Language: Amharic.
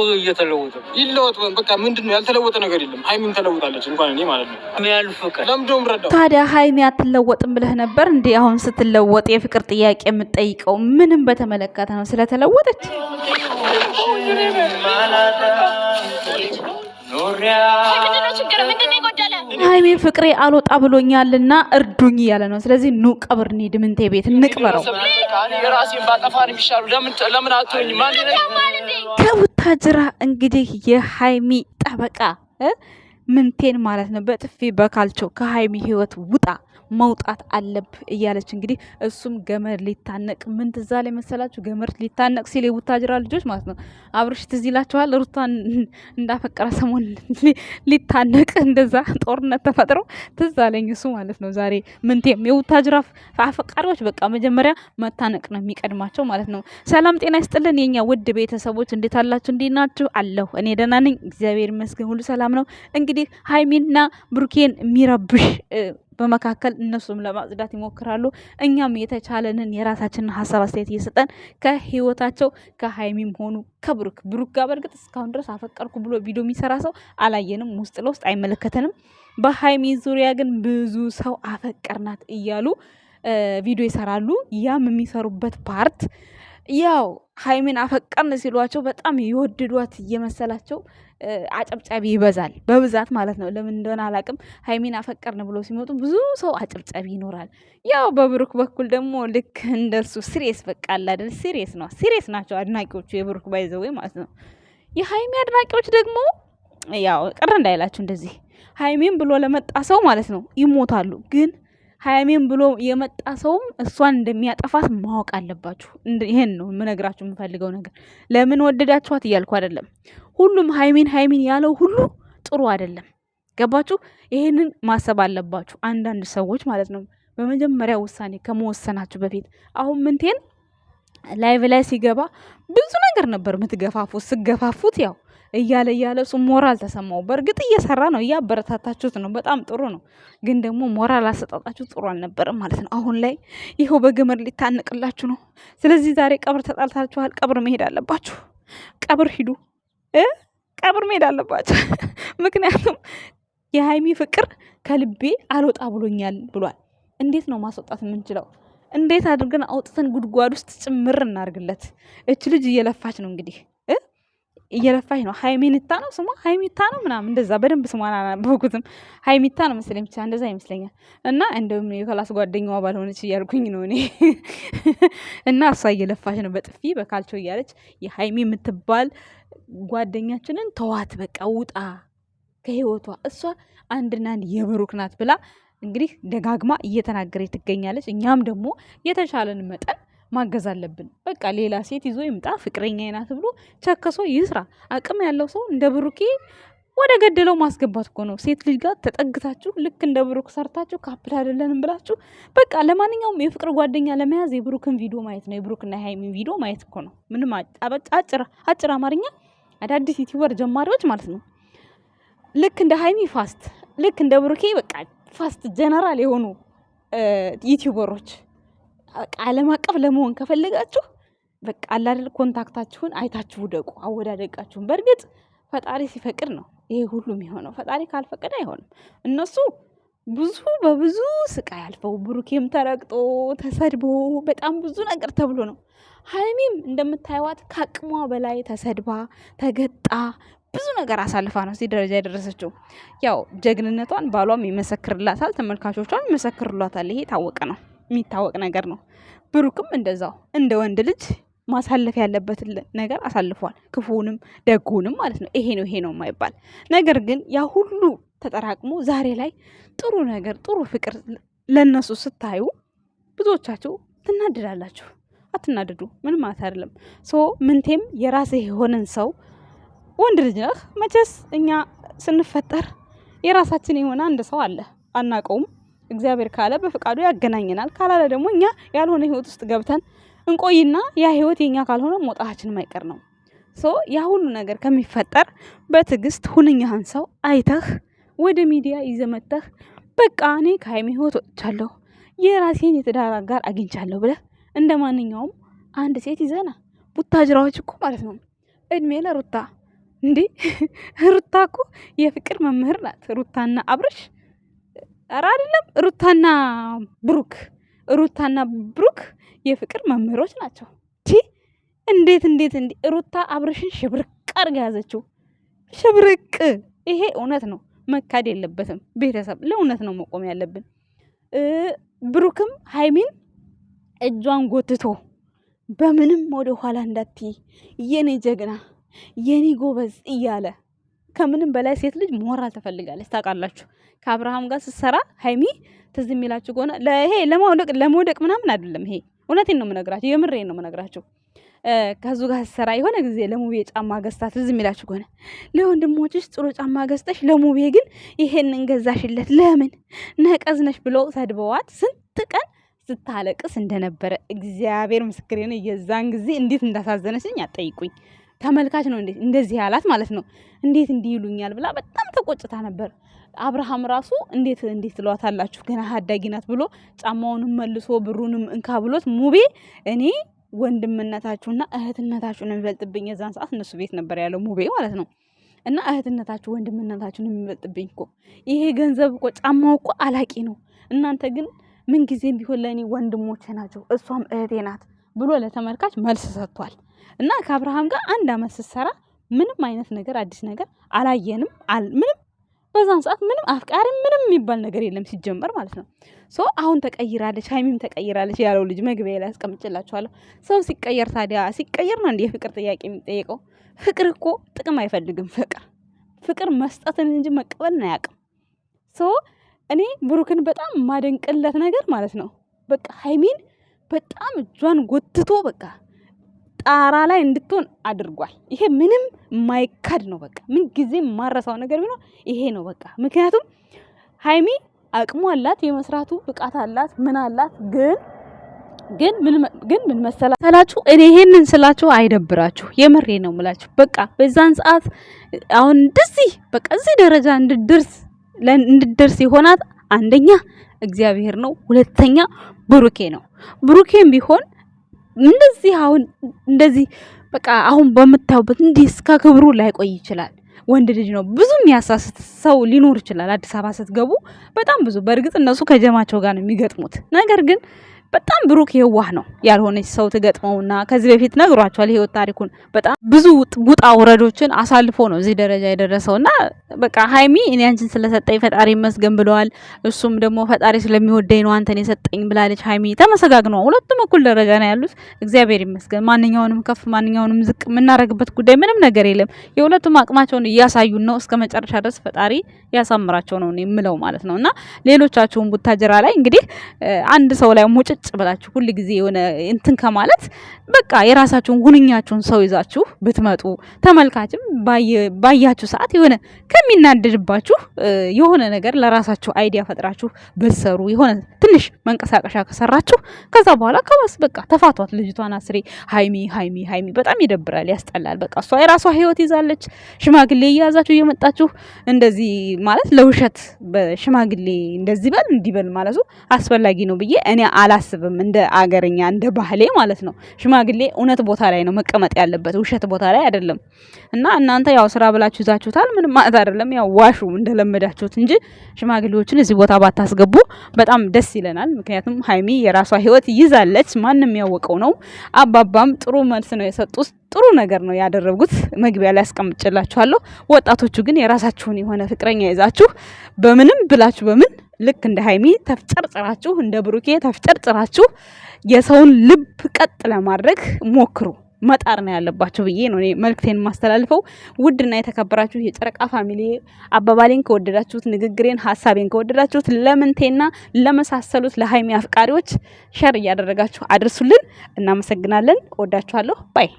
እየተለወጠ ይለወጥ በቃ ምንድን ነው ያልተለወጠ ነገር የለም። ሀይሚም ተለውጣለች እንኳን እኔ ማለት ነው የሚያልፍ ለምዶም ረዳ ታዲያ ሀይሚ አትለወጥም ብለህ ነበር እንዴ? አሁን ስትለወጥ የፍቅር ጥያቄ የምትጠይቀው ምንም በተመለከተ ነው ስለተለወጠች ሀይሜ ፍቅሬ አልወጣ ብሎኛልና እርዱኝ እያለ ነው። ስለዚህ ኑ ቀብር እንሂድ፣ ምንቴ ቤት እንቅበረው። ከቡታጅራ እንግዲህ የሀይሚ ጠበቃ ምንቴን ማለት ነው በጥፊ በካልቾ ከሀይሚ ህይወት ውጣ መውጣት አለብ እያለች እንግዲህ እሱም ገመድ ሊታነቅ ምን ትዝ አለኝ መሰላችሁ? ገመድ ሊታነቅ ሲል የቡታጅራ ልጆች ማለት ነው። አብርሽ ትዝ ይላችኋል? ሩታን እንዳፈቀረ ሰሞን ሊታነቅ እንደዛ ጦርነት ተፈጥሮ ትዝ አለኝ እሱ ማለት ነው። ዛሬ ምንቴም የቡታጅራ አፈቃሪዎች በቃ መጀመሪያ መታነቅ ነው የሚቀድማቸው ማለት ነው። ሰላም ጤና ይስጥልን የኛ ውድ ቤተሰቦች እንዴት አላችሁ? እንዴት ናችሁ? አለሁ እኔ ደህና ነኝ፣ እግዚአብሔር ይመስገን፣ ሁሉ ሰላም ነው። እንግዲህ ሀይሚና ብሩኬን የሚረብሽ በመካከል እነሱም ለማጽዳት ይሞክራሉ። እኛም የተቻለንን የራሳችንን ሀሳብ አስተያየት እየሰጠን ከህይወታቸው ከሀይሚም ሆኑ ከብሩክ ብሩክ ጋር በእርግጥ እስካሁን ድረስ አፈቀርኩ ብሎ ቪዲዮ የሚሰራ ሰው አላየንም። ውስጥ ለውስጥ አይመለከተንም። በሀይሚ ዙሪያ ግን ብዙ ሰው አፈቀርናት እያሉ ቪዲዮ ይሰራሉ። ያም የሚሰሩበት ፓርት ያው ሀይሜን አፈቀርን ሲሏቸው በጣም የወደዷት እየመሰላቸው አጨብጫቢ ይበዛል በብዛት ማለት ነው። ለምን እንደሆነ አላቅም። ሀይሜን አፈቀርን ብሎ ሲመጡ ብዙ ሰው አጨብጫቢ ይኖራል። ያው በብሩክ በኩል ደግሞ ልክ እንደርሱ ሲሪየስ በቃ አላደል ሲሪየስ ነው። ሲሪየስ ናቸው አድናቂዎቹ የብሩክ ባይዘዌ ማለት ነው። የሀይሜ አድናቂዎች ደግሞ ያው ቅር እንዳይላችሁ እንደዚህ ሀይሜን ብሎ ለመጣ ሰው ማለት ነው ይሞታሉ ግን ሀያሜን ብሎ የመጣ ሰውም እሷን እንደሚያጠፋት ማወቅ አለባችሁ። ይሄን ነው የምነግራችሁ የምፈልገው ነገር። ለምን ወደዳችኋት እያልኩ አይደለም። ሁሉም ሀይሜን ሀይሜን ያለው ሁሉ ጥሩ አይደለም። ገባችሁ? ይሄንን ማሰብ አለባችሁ አንዳንድ ሰዎች ማለት ነው። በመጀመሪያ ውሳኔ ከመወሰናችሁ በፊት አሁን ምንቴን ላይቭ ላይ ሲገባ ብዙ ነገር ነበር የምትገፋፉት። ስገፋፉት ያው እያለ እያለ እሱ ሞራል ተሰማው። በእርግጥ እየሰራ ነው፣ እያበረታታችሁት ነው፣ በጣም ጥሩ ነው። ግን ደግሞ ሞራል አሰጣጣችሁ ጥሩ አልነበረም ማለት ነው። አሁን ላይ ይኸው በገመድ ሊታነቅላችሁ ነው። ስለዚህ ዛሬ ቀብር ተጣልታችኋል፣ ቀብር መሄድ አለባችሁ። ቀብር ሂዱ፣ ቀብር መሄድ አለባችሁ። ምክንያቱም የሀይሚ ፍቅር ከልቤ አልወጣ ብሎኛል ብሏል። እንዴት ነው ማስወጣት የምንችለው? እንዴት አድርገን አውጥተን ጉድጓድ ውስጥ ጭምር እናርግለት? እች ልጅ እየለፋች ነው እንግዲህ እየለፋች ነው። ሀይሚንታ ነው ስሟ፣ ሀይሚታ ነው ምናምን እንደዛ። በደንብ ስሟን አላወኩትም። ሀይሚታ ነው መሰለኝ፣ ብቻ እንደዛ ይመስለኛል። እና እንደውም የክላስ ጓደኛዋ ባልሆነች እያልኩኝ ነው እኔ። እና እሷ እየለፋች ነው በጥፊ በካልቾ እያለች የሀይሚ የምትባል ጓደኛችንን ተዋት፣ በቃ ውጣ ከህይወቷ እሷ አንድና አንድ የብሩክ ናት ብላ እንግዲህ ደጋግማ እየተናገረች ትገኛለች። እኛም ደግሞ የተሻለን መጠን ማገዝ አለብን። በቃ ሌላ ሴት ይዞ ይምጣ፣ ፍቅረኛ ናት ብሎ ቸከሶ ይስራ። አቅም ያለው ሰው እንደ ብሩኬ ወደ ገደለው ማስገባት እኮ ነው። ሴት ልጅ ጋር ተጠግታችሁ ልክ እንደ ብሩክ ሰርታችሁ ካፕል አይደለንም ብላችሁ በቃ ለማንኛውም የፍቅር ጓደኛ ለመያዝ የብሩክን ቪዲዮ ማየት ነው። የብሩክና የሃይሚን ቪዲዮ ማየት እኮ ነው። ምንም አጭር አማርኛ አዳዲስ ዩቲዩበር ጀማሪዎች ማለት ነው። ልክ እንደ ሀይሚ ፋስት፣ ልክ እንደ ብሩኬ በቃ ፋስት ጀነራል የሆኑ ዩቲዩበሮች ዓለም አቀፍ ለመሆን ከፈለጋችሁ በቃ አላደል ኮንታክታችሁን አይታችሁ ውደቁ፣ አወዳደቃችሁን። በእርግጥ ፈጣሪ ሲፈቅድ ነው ይሄ ሁሉ የሚሆነው። ፈጣሪ ካልፈቀደ አይሆንም። እነሱ ብዙ በብዙ ስቃይ አልፈው ብሩኬም ተረግጦ ተሰድቦ በጣም ብዙ ነገር ተብሎ ነው። ሀይሚም እንደምታይዋት ከአቅሟ በላይ ተሰድባ ተገጣ ብዙ ነገር አሳልፋ ነው እዚህ ደረጃ የደረሰችው። ያው ጀግንነቷን ባሏም ይመሰክርላታል፣ ተመልካቾቿን ይመሰክርሏታል። ይሄ ታወቀ ነው። የሚታወቅ ነገር ነው። ብሩክም እንደዛው እንደ ወንድ ልጅ ማሳለፍ ያለበትን ነገር አሳልፏል። ክፉንም ደጉንም ማለት ነው። ይሄ ነው ይሄ ነው የማይባል ነገር ግን ያ ሁሉ ተጠራቅሞ ዛሬ ላይ ጥሩ ነገር ጥሩ ፍቅር ለነሱ ስታዩ ብዙዎቻችሁ ትናደዳላችሁ። አትናደዱ፣ ምንም ማለት አይደለም። ሶ ምንቴም የራስህ የሆነን ሰው ወንድ ልጅ ነህ መቼስ። እኛ ስንፈጠር የራሳችን የሆነ አንድ ሰው አለ፣ አናቀውም? እግዚአብሔር ካለ በፈቃዱ ያገናኘናል፣ ካላለ ደግሞ እኛ ያልሆነ ህይወት ውስጥ ገብተን እንቆይና ያ ህይወት የኛ ካልሆነ መውጣታችን ማይቀር ነው። ሶ ያ ሁሉ ነገር ከሚፈጠር በትዕግስት ሁንኛህን ሰው አይተህ ወደ ሚዲያ ይዘመተህ በቃ እኔ ከሀይሚ ህይወት ወጥቻለሁ የራሴን የትዳር አጋር አግኝቻለሁ ብለህ እንደ ማንኛውም አንድ ሴት ይዘና ቡታጅራዎች እኮ ማለት ነው። እድሜ ለሩታ እንዲህ ሩታ እኮ የፍቅር መምህር ናት። ሩታና አብርሽ ኧረ አይደለም ሩታና ብሩክ ሩታና ብሩክ የፍቅር መምህሮች ናቸው። እንዴት እንዴት እንዴ! ሩታ አብርሽን ሽብርቅ አድርጋ ያዘችው። ሽብርቅ ይሄ እውነት ነው፣ መካድ የለበትም። ቤተሰብ ለእውነት ነው መቆም ያለብን። ብሩክም ሀይሚን እጇን ጎትቶ በምንም ወደ ኋላ እንዳትይ የኔ ጀግና የኔ ጎበዝ እያለ ከምንም በላይ ሴት ልጅ ሞራል ትፈልጋለች። ታውቃላችሁ፣ ከአብርሃም ጋር ስትሰራ ሀይሚ ትዝ የሚላችሁ ከሆነ ይሄ ለማውደቅ ለመውደቅ ምናምን አይደለም። ይሄ እውነቴን ነው የምነግራቸው፣ የምሬን ነው የምነግራቸው። ከዙ ጋር ስትሰራ የሆነ ጊዜ ለሙቤ ጫማ ገዝታ ትዝ የሚላችሁ ከሆነ ለወንድሞችሽ ጥሩ ጫማ ገዝተሽ ለሙቤ ግን ይሄንን ገዛሽለት ለምን ነቀዝነሽ ብሎ ሰድበዋት ስንት ቀን ስታለቅስ እንደነበረ እግዚአብሔር ምስክሬ ነው። የዛን ጊዜ እንዴት እንዳሳዘነችኝ አጠይቁኝ። ተመልካች ነው እንደዚህ ያላት ማለት ነው። እንዴት እንዲህ ይሉኛል ብላ በጣም ተቆጭታ ነበር። አብርሃም ራሱ እንዴት እንዴት ትሏታላችሁ ገና ታዳጊ ናት ብሎ ጫማውንም መልሶ ብሩንም እንካ ብሎት ሙቤ እኔ ወንድምነታችሁና እህትነታችሁን የሚበልጥብኝ የዛን ሰዓት እነሱ ቤት ነበር ያለው ሙቤ ማለት ነው። እና እህትነታችሁ ወንድምነታችሁን የሚበልጥብኝ እኮ ይሄ ገንዘብ እኮ ጫማው እኮ አላቂ ነው። እናንተ ግን ምንጊዜም ቢሆን ለእኔ ወንድሞቼ ናቸው፣ እሷም እህቴ ናት ብሎ ለተመልካች መልስ ሰጥቷል። እና ከአብርሃም ጋር አንድ አመት ስትሰራ ምንም አይነት ነገር አዲስ ነገር አላየንም። ምንም በዛን ሰዓት ምንም አፍቃሪ ምንም የሚባል ነገር የለም ሲጀመር ማለት ነው። ሶ አሁን ተቀይራለች፣ ሀይሚም ተቀይራለች ያለው ልጅ መግቢያ ላይ አስቀምጭላችኋለሁ። ሰው ሲቀየር ታዲያ ሲቀየር ነው እንዲህ የፍቅር ጥያቄ የሚጠየቀው? ፍቅር እኮ ጥቅም አይፈልግም። ፍቅር ፍቅር መስጠትን እንጂ መቀበልን አያውቅም። ሶ እኔ ብሩክን በጣም ማደንቅለት ነገር ማለት ነው በቃ ሀይሚን በጣም እጇን ጎትቶ በቃ ጣራ ላይ እንድትሆን አድርጓል። ይሄ ምንም ማይካድ ነው። በቃ ምን ጊዜ ማረሳው ነገር ቢኖር ይሄ ነው። በቃ ምክንያቱም ሀይሚ አቅሙ አላት፣ የመስራቱ ብቃት አላት፣ ምን አላት ግን ግን ምን መሰላችሁ፣ እኔ ይሄንን ስላችሁ አይደብራችሁ፣ የምሬ ነው የምላችሁ። በቃ በዛን ሰዓት አሁን እንደዚህ በቃ እዚህ ደረጃ እንድደርስ እንድደርስ የሆናት አንደኛ እግዚአብሔር ነው፣ ሁለተኛ ብሩኬ ነው። ብሩኬም ቢሆን እንደዚህ አሁን እንደዚህ በቃ አሁን በምታዩበት እንዲህ እስከ ክብሩ ላይቆይ ይችላል። ወንድ ልጅ ነው። ብዙ የሚያሳስት ሰው ሊኖር ይችላል። አዲስ አበባ ስትገቡ በጣም ብዙ። በእርግጥ እነሱ ከጀማቸው ጋር ነው የሚገጥሙት። ነገር ግን በጣም ብሩክ የዋህ ነው። ያልሆነች ሰው ትገጥመውና ከዚህ በፊት ነግሯቸዋል። የህይወት ታሪኩን በጣም ብዙ ውጣ ውረዶችን አሳልፎ ነው እዚህ ደረጃ የደረሰውና በቃ ሀይሚ እኔ አንቺን ስለሰጠኝ ፈጣሪ ይመስገን ብለዋል። እሱም ደግሞ ፈጣሪ ስለሚወደኝ ነው አንተን የሰጠኝ ብላለች ሀይሚ። ተመሰጋግነዋል። ሁለቱም እኩል ደረጃ ነው ያሉት። እግዚአብሔር ይመስገን። ማንኛውንም ከፍ ማንኛውንም ዝቅ የምናደርግበት ጉዳይ ምንም ነገር የለም። የሁለቱም አቅማቸውን እያሳዩን ነው። እስከ መጨረሻ ድረስ ፈጣሪ ያሳምራቸው ነው የምለው ማለት ነው። እና ሌሎቻችሁን ቡታጀራ ላይ እንግዲህ አንድ ሰው ላይ ሙጭጭ ብላችሁ ሁል ጊዜ የሆነ እንትን ከማለት በቃ የራሳችሁን ሁንኛችሁን ሰው ይዛችሁ ብትመጡ ተመልካችም ባያችሁ ሰዓት የሆነ ስለሚናደድባችሁ የሆነ ነገር ለራሳችሁ አይዲያ ፈጥራችሁ ብትሰሩ የሆነ ትንሽ መንቀሳቀሻ ከሰራችሁ ከዛ በኋላ ከባስ በቃ ተፋቷት ልጅቷን አስሬ ሀይሚ ሀይሚ ሀይሚ በጣም ይደብራል፣ ያስጠላል። በቃ እሷ የራሷ ህይወት ይዛለች። ሽማግሌ እየያዛችሁ እየመጣችሁ እንደዚህ ማለት ለውሸት በሽማግሌ እንደዚህ በል እንዲበል ማለቱ አስፈላጊ ነው ብዬ እኔ አላስብም። እንደ አገርኛ እንደ ባህሌ ማለት ነው ሽማግሌ እውነት ቦታ ላይ ነው መቀመጥ ያለበት፣ ውሸት ቦታ ላይ አይደለም። እና እናንተ ያው ስራ ብላችሁ ይዛችሁታል። ምንም ማለት አይደለም። ያው ዋሹ እንደለመዳችሁት እንጂ ሽማግሌዎችን እዚህ ቦታ ባታስገቡ በጣም ደስ ይለናል። ምክንያቱም ሀይሚ የራሷ ህይወት ይዛለች፣ ማንም ያወቀው ነው። አባባም ጥሩ መልስ ነው የሰጡት። ጥሩ ነገር ነው ያደረጉት። መግቢያ ላይ አስቀምጭላችኋለሁ ወጣቶቹ ግን የራሳችሁን የሆነ ፍቅረኛ ይዛችሁ በምንም ብላችሁ በምን ልክ እንደ ሀይሚ ተፍጨርጭራችሁ እንደ ብሩኬ ተፍጨርጭራችሁ የሰውን ልብ ቀጥ ለማድረግ ሞክሩ። መጣር ነው ያለባቸው ብዬ ነው እኔ መልክቴን የማስተላልፈው። ውድና የተከበራችሁ የጨረቃ ፋሚሊ አባባሌን ከወደዳችሁት፣ ንግግሬን፣ ሀሳቤን ከወደዳችሁት ለምንቴና ለመሳሰሉት ለሀይሚ አፍቃሪዎች ሸር እያደረጋችሁ አድርሱልን። እናመሰግናለን። ወዳችኋለሁ ባይ